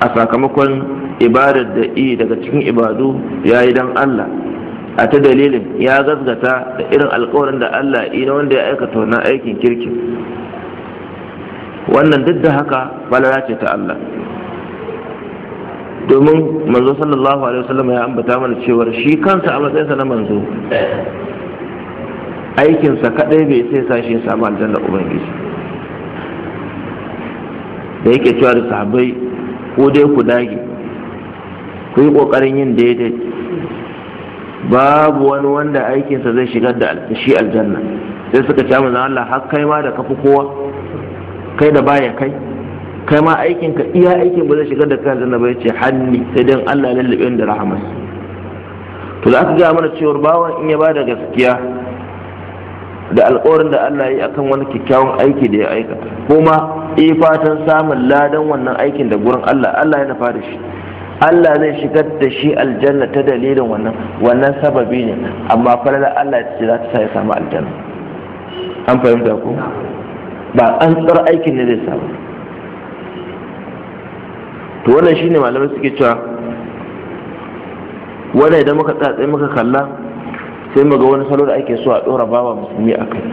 a sakamakon ibadar da iya daga cikin ibadu ya yi don Allah a ta dalilin ya gasgata da irin alkawarin da Allah na wanda ya aikata wannan aikin kirkin wannan duk da haka balala ce ta Allah domin manzo sallallahu alaihi wasallam ya ambata mana cewa shi kansa a matsayinsa na manzo aikinsa kadai bai sai sa shi samu aljanna ubangiji da yake cewa da sahabbai ko dai ku dage ku yi kokarin yin daidai babu wani wanda aikinsa zai shigar da shi aljanna sai suka ce manzon Allah har kai ma da kafi kowa kai da baya kai kai ma aikin ka iya aikin ba zai shigar da kai aljanna ba yace hanni sai dan Allah lallabe da rahamas to da aka ga mana cewa bawan in ya da gaskiya da alƙawarin da Allah ya yi akan wani kyakkyawan aiki da ya aikata kuma e fatan samun ladan wannan aikin da gurin Allah Allah ya nafa da shi Allah zai shigar da shi aljanna ta dalilin wannan wannan sababi ne amma falala Allah ce za ta sa ya samu aljanna an fahimta ko ba an tsar aikin ne zai samu to wannan shine malamai suke cewa wanda idan muka tsatsai muka kalla sai mu ga wani salo da ake so a dora baba musulmi a kai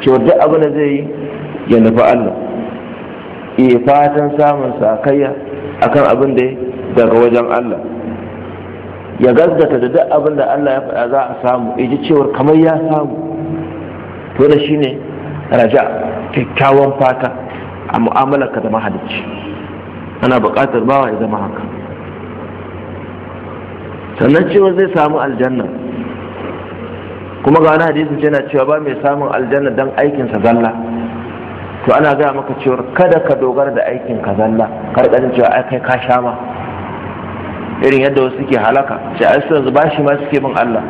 cewa duk abin da zai yi ya nufi Allah ifatan eh, fatan samun sakayya akan abin da daga wajen Allah ya gazgata da duk abin da Allah ya faɗa za a samu ji cewar kamar ya samu to da ne raja kyakkyawan fata a mu'amalar ka da mahalicci ana buƙatar bawa ya zama haka sannan cewa zai samu aljanna kuma ga wani hadisi yana cewa ba mai samun aljanna don aikinsa zalla to ana gaya maka cewar kada ka dogara da aikin ka zalla kar karkarin cewa ai kai ka sha ma irin yadda wasu suke halaka sai ai yanzu bashi ma suke bin Allah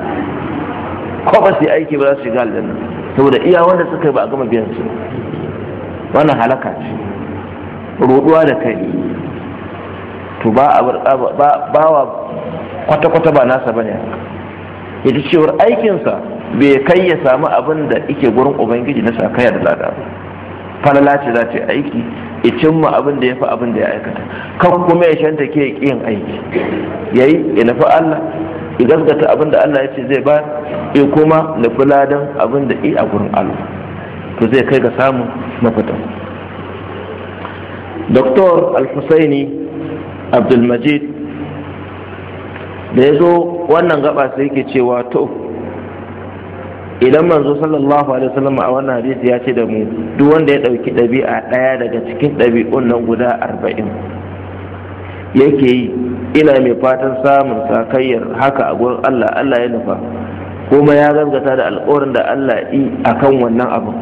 ko ba su yi aiki ba za su shiga aljanna saboda iya wanda suka yi ba a gama biyan su wannan halaka ce Ruɗuwa da kai to ba a ba wa kwata-kwata ba nasa bane ya cewar aikinsa bai kai ya samu abin da ike gurin ubangiji na sakaya da lada ba falala ce za ta yi aiki ya cimma abin da ya fi abin da ya aikata kan kuma ya shanta ke yin aiki ya yi ya nufi allah ya gasgata abin da allah ya ce zai ba ya kuma nufi ladan abin da i a gurin allah to zai kai ga samun mafita doktor al abdulmajid da ya zo wannan gaba sai ke cewa to idan manzo sallallahu alaihi wasallam a wannan hadisi ya ce da mu duk wanda ya dauki ɗabi'a ɗaya daga cikin ɗabi'un nan guda arba'in yake yi ina mai fatan samun sakayyar haka a gurin Allah Allah ya nufa kuma ya gaskata da alƙawarin da Allah yi akan wannan abu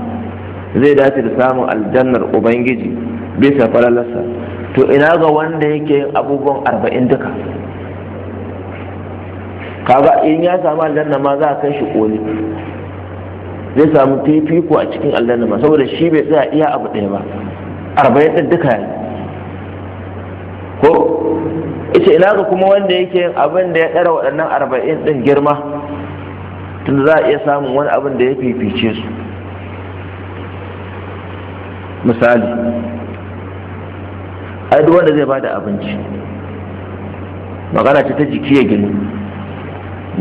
zai dace da samun aljannar ubangiji bisa falalarsa to ina ga wanda yake yin abubuwan arba'in duka kaga in ya samu aljanna ma za a kai shi koli zai samu fifiko a cikin allah ba saboda shi bai tsaya iya abu ɗaya ba arba'in ɗin duka ne ko ita ina ga kuma wanda yake yin abin da ya ɗara waɗannan arba'in ɗin girma tun za a iya samun wani abin da ya fifice su misali ai duk wanda zai bada abinci magana ce ta jiki ya gini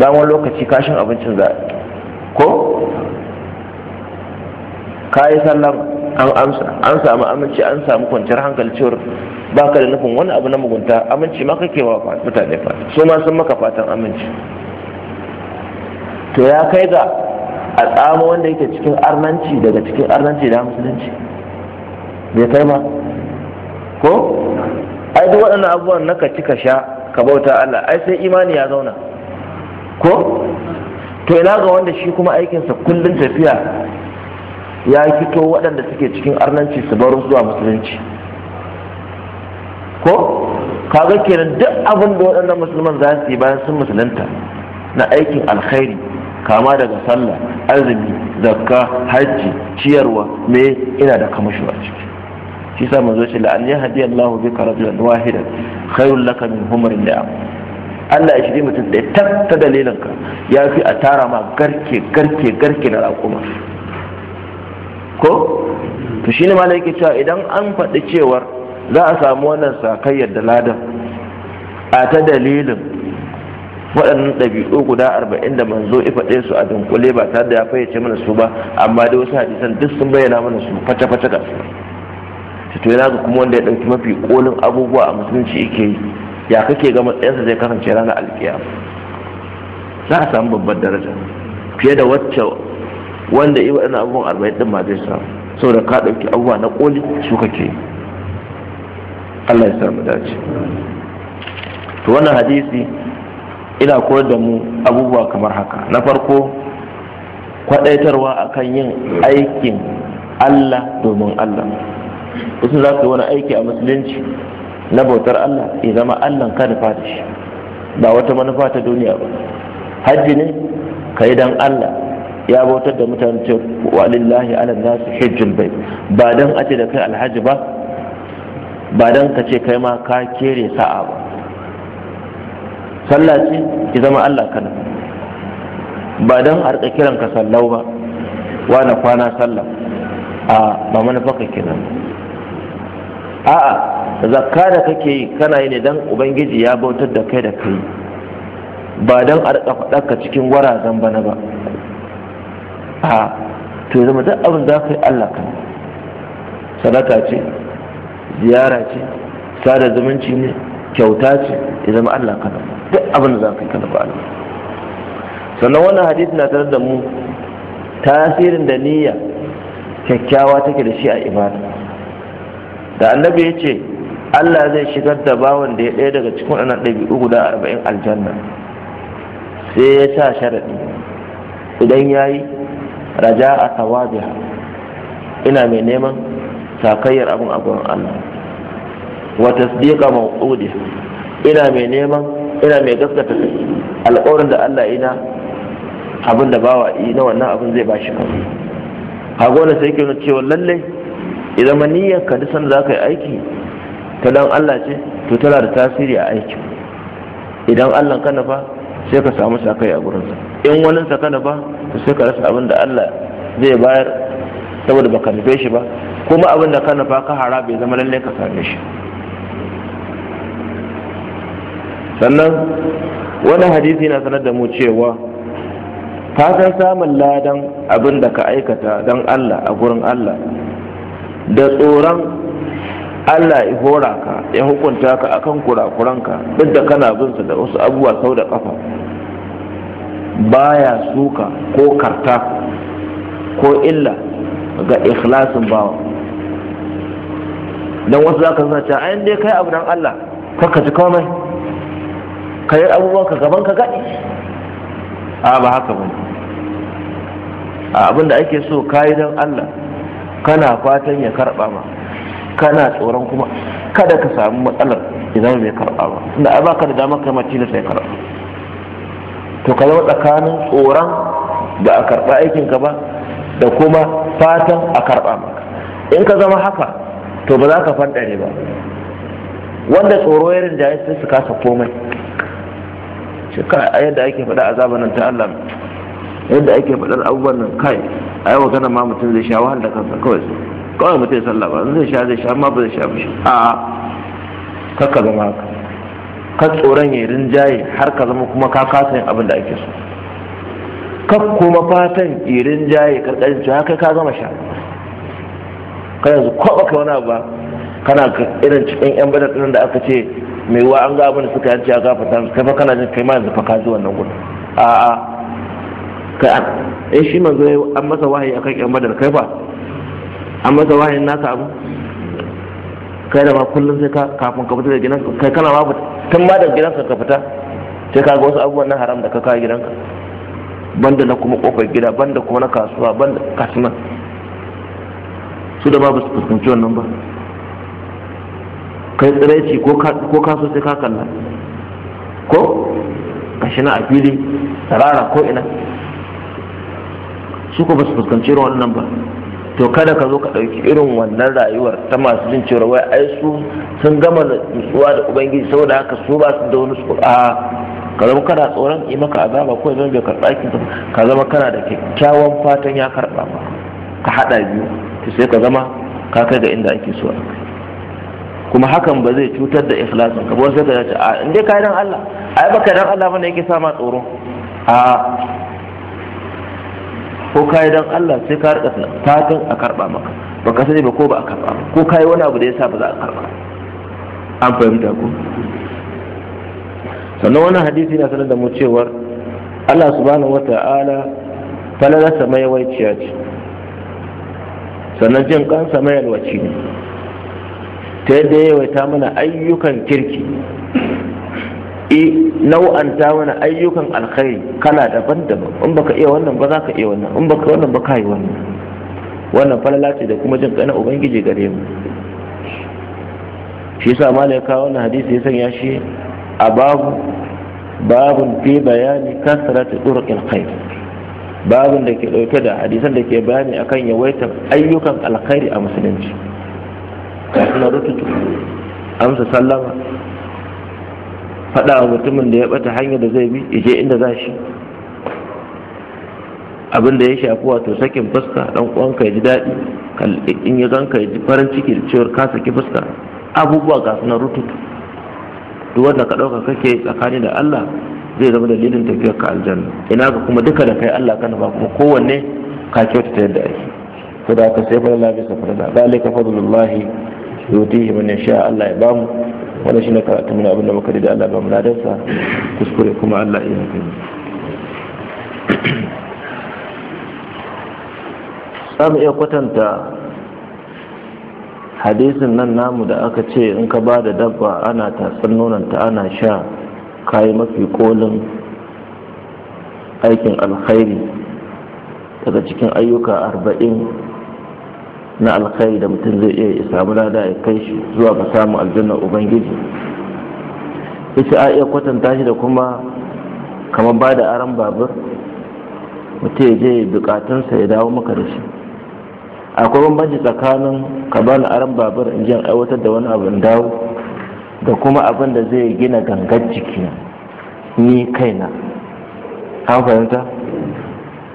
dan wani lokaci kashin abincin za ko ka yi sallar an amsa an samu aminci an samu kwanciyar hankali cewar ba ka da nufin wani abu na mugunta aminci ma kake wa mutane fa su ma sun maka fatan aminci to ya kai ga a tsamo wanda yake cikin arnanci daga cikin arnanci da musulunci bai kai ba ko ai duk waɗannan abubuwan na ka ci ka sha ka bauta Allah ai sai imani ya zauna ko to ina ga wanda shi kuma aikinsa kullum tafiya ya fito waɗanda suke cikin arnanci su bar zuwa musulunci ko kaga kenan duk abin da waɗannan musulman za su yi bayan sun musulunta na aikin alkhairi kama daga sallah azumi zakka hajji ciyarwa me ina da kamashu a ciki shi sa manzo shi la'an ya hadiya Allahu bika rajulan wahidan khairul laka min humrin ni'am Allah ya shiri mutum da ya ta dalilinka ya fi a tara ma garke garke garke na raƙuma ko to shi ne yake cewa idan an faɗi cewar za a samu wannan sakayyar da ladan a ta dalilin waɗannan ɗabi'u guda arba'in da manzo ifa ɗaya su a dunkule ba tare da ya fayyace mana su ba amma da wasu hadisan duk sun bayyana mana su fata-fata ga su to yana ga kuma wanda ya ɗauki mafi ƙolin abubuwa a musulunci yake yi ya kake ga matsayinsa zai kasance ranar alkiyama za a samu babbar daraja fiye da wacce wanda yi waɗannan abubuwan arba'in ɗin ma zai samu saboda ka ɗauki abubuwa na ƙoli su kake Allah ya samu dace to wannan hadisi ina koyar da mu abubuwa kamar haka na farko a akan yin aikin Allah domin Allah wasu za su yi wani aiki a musulunci na bautar Allah ya zama Allah ka nufa da shi ba wata manufa ta duniya ba hajji ne ka yi don Allah ya bautar da mutane ce wa lillahi ala nasu hijjul bai ba dan a ce da kai alhaji ba ba dan ka ce kai ma ka kere sa'a ba sallah ce ki zama Allah kana ba dan a rika kiran ka sallau ba wani kwana sallah a ba manufaka kenan a'a zakka da kake yi kana yi ne dan ubangiji ya bautar da kai da kai ba dan a rika cikin gwarazan bana ba a to ya zama duk abin za ka yi Allah kan sadaka ce ziyara ce sada zumunci ne kyauta ce ya zama Allah kan duk abin za ka yi kan Allah sannan wannan hadisi na tare da mu tasirin da niyya kyakkyawa take da shi a ibada da annabi ya ce Allah zai shigar da bawan da ya ɗaya daga cikin waɗannan ɗabi'u guda arba'in aljanna sai ya sa sharaɗi idan ya yi raja a tawabiha ina mai neman sakayyar abin a gurin Allah wa tasdiqa mawqudi ina mai neman ina mai gaskata alƙawarin da Allah ina abin da bawa na wannan abin zai bashi kan kaga wanda sai ke cewa lalle idan mani ka duk sanda ka yi aiki ta dan Allah ce to tana da tasiri a aikin idan Allah ka nafa sai ka samu sakai a gurinsa in wani sa ka nafa sai ka rasa abin da Allah zai bayar saboda baka nufe shi ba kuma abin da ka nufa ka hara bai zama lallai ka same shi sannan wani hadisi na sanar da mu cewa ka san samun ladan abin da ka aikata don Allah a gurin Allah da tsoron Allah ya hora ka ya hukunta ka akan kurakuranka duk da kana bin su da wasu abubuwa sau da kafa baya suka ko karta ko illa ga ikhlasin bawa don wasu za ka sace ayin dai kai abu don Allah ka ji komai ka yi abubuwan ka gaban ka gaɗi a ba haka ba a abin da ake so ka yi don Allah kana fatan ya karɓa ma kana tsoron kuma kada ka samu matsalar idan bai karɓa ba inda a baka da damar kai ma da ya karɓa to ka zama tsakanin tsoron da a karɓa aikinka ba da kuma fatan a karɓa maka in ka zama haka to ba za ka fanɗare ba wanda tsoro ya ya sai su kasa komai shi a yadda ake faɗa azaban ta Allah yadda ake faɗar abubuwan nan kai ai magana ma mutum zai sha wahala da kansa kawai kawai mutum ya sallah ba zai sha zai sha ma ba zai sha ba a kakka zama haka kan tsoron ya rinjaye har ka zama kuma ka kasa yin abin da ake so Ka kuma fatan ya rinjaye karkarin cewa kai ka zama sha ka yanzu kwaba ka wani abu ba kana irin cikin yan bada ɗin da aka ce mai wa an ga abin da suka yanci a gafata kai fa kana jin kai ma yanzu fa ka ji wannan gudun a'a kai an eh shi manzo an masa wahayi akan yan bada kai ba an masa wahayin naka abu kai da ma kullum sai ka kafin ka fita da gidan kai kana ma tun ma daga gidanka ka fita sai ka ga wasu abubuwan na haram da ka kawo gidanka banda na kuma kofar gida banda kuma na kasuwa banda kasuma su da babu su fuskanci wannan ba kai tsiraici ko kaso sai ka kalla ko gashi na a fili tsarara ko ina su ko ba su fuskanci wannan ba to kada ka zo ka ɗauki irin wannan rayuwar ta masu jin cewa wai ai su sun gama nutsuwa da ubangiji saboda haka su ba su da wani su a ka zama kana tsoron yi maka azaba ko yanzu bai karɓa ki ka zama kana da kyakkyawan fatan ya karɓa ba ka haɗa biyu to sai ka zama ka kai ga inda ake so kuma hakan ba zai cutar da ikhlasin ka ba sai ka ce a in dai ka dan Allah ai baka dan Allah bane yake sa ma tsoro a ko kayi dan Allah sai ka rika fatan a karba maka baka sani ba ko ba a karba ko kayi wani abu da yasa ba za a karba an fahimta ko sannan wannan hadisi na sanar da mu cewar Allah subhanahu wata'ala falalarsa mai yawaiciya ce sannan jin kan mai yalwaci ne ta yadda ya yawaita mana ayyukan kirki i e, nau'anta wani ayyukan alkhairi kala daban-daban in baka iya wannan ba za ka iya wannan in baka wannan ba ka yi wannan wannan falala ce da kuma jin kana ubangiji gare mu shi yasa kawo wannan hadisi ya sanya shi a babu babun fi bayani kasratu turqil khair babun da ke dauke da hadisan da ke bayani akan yawaitar ayyukan alkhairi a musulunci kafin rutu amsa sallama faɗa wa mutumin da ya ɓata hanyar da zai bi ya je inda za shi abin da ya shafi wato sakin fuska dan uwanka ya ji daɗi in ya ganka ya ji farin ciki da cewar ka saki fuska abubuwa ga suna rututu duk wanda ka ɗauka kake tsakani da Allah zai zama dalilin tafiyar ka aljanna ina ga kuma duka da kai Allah kana ba kuma kowanne ka kyauta ta yadda ake to da ka sai fa Allah fara fadala zalika fadlullahi yutihi man yasha Allah ya bamu shi shine karatu muna abin da muka da Allah ba mu ladarsa kuskure kuma Allah ya yi za mu iya kwatanta hadisin nan namu da aka ce in ka ba da dabba ana tasar nonanta ana sha kayi mafi kolin aikin alkhairi daga cikin ayyuka arba'in na alkhairi da mutum zai iya ya samu lada ya kai shi zuwa ga samun aljannar ubangiji ita a iya kwatanta shi da kuma kamar ba da aron babur mutum ya je bukatunsa ya dawo maka da shi akwai bambanci tsakanin ka bani aron babur in je aiwatar da wani abin dawo da kuma abin da zai gina gangar jiki ni kaina an fahimta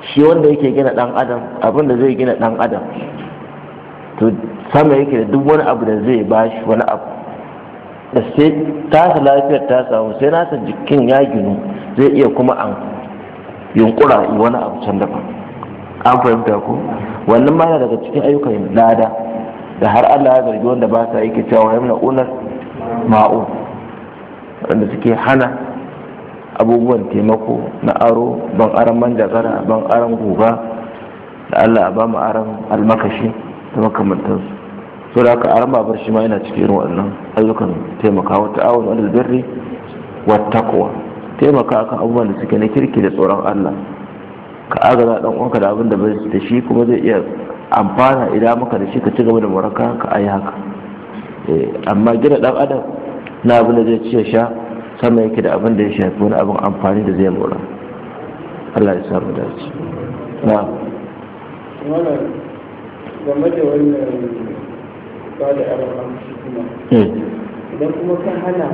shi wanda yake gina dan adam abin da zai gina dan adam to sama yake da duk wani abu da zai ba shi wani abu da sai tasa lafiyar ta samu sai nasa jikin ya ginu zai iya kuma an yunkura yi wani abu can daban an fahimta ko wannan ma daga cikin ayyukan lada da har Allah ya zargi wanda ba sa yake cewa yamna unar ma'u wanda suke hana abubuwan taimako na aro ban aran manjagara ban aran guga da Allah a ba mu aran almakashi da makamantansu so da aka aran babar shi ma yana cikin irin wannan ayyukan taimakawa ta'awun wani birri wa taqwa taimaka akan abubuwan da suke na kirki da tsoron Allah ka agaza dan uwanka da abin da bai da shi kuma zai iya amfana idan maka da shi ka ci gaba da waraka ka ayi haka eh, amma gina dan adam na abin da zai ci ya sha sama yake da abin da ya shafi wani abin amfani da zai mora Allah ya samu dace na'am game da wannan ba da arafa shi kuma hmm. idan kuma ka hana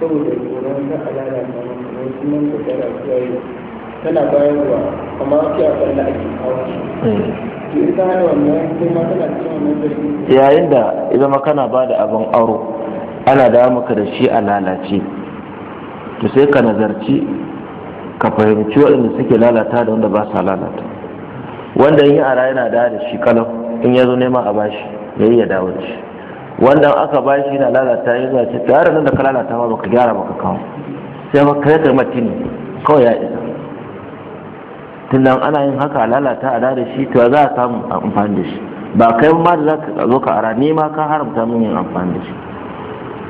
saboda tsoron za a lalata maka wani sunan ka da rayuwa tana bayarwa amma ke a kalla ake kawo shi hmm. to ita hana wannan sai ma tana cikin wannan zargin yayin da idan ma kana ba da abin aro ana dawo maka da shi a lalace to sai ka nazarci ka fahimci waɗanda suke lalata da wanda ba sa lalata wanda yin ara yana da da shi kalau in ya zo nema a bashi ya yi ya dawo shi wanda aka bashi na lalata ya zuwa ce tare nan da ka lalata ma baka gyara baka kawo sai ba kai kai mutum kawai ya isa tun nan ana yin haka lalata a da shi to za a samu amfani da shi ba kai ma da za ka zo ka ara ne ma ka haramta min yin amfani da shi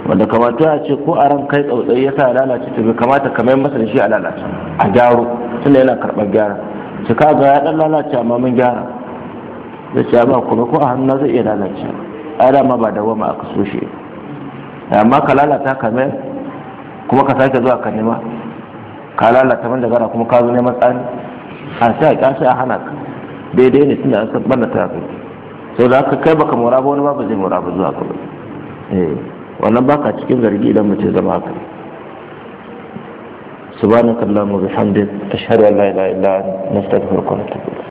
wanda kamata ya ce ko a ran kai tsautsayi ya sa lalace to bai kamata kamar masa da shi a lalace a gyaro tunda yana karɓar gyara su ka ga ya ɗan lalace amma mun gyara da ce ba kuma ko a hannu zai iya lalace yi dama ba da goma aka so shi amma ka lalata ka mai kuma ka sake zuwa ka nema ka lalata man da gara kuma ka zo neman tsani a sai a kyashe a hana ka daidai ne tunda an san banda ta kai sau da aka kai baka mura ba wani ba ba zai mura ba zuwa ka ba eh, wannan baka cikin zargi idan mace zama haka سبحانك اللهم وبحمدك أشهد أن لا إله إلا أنت نستغفرك ونتوب إليك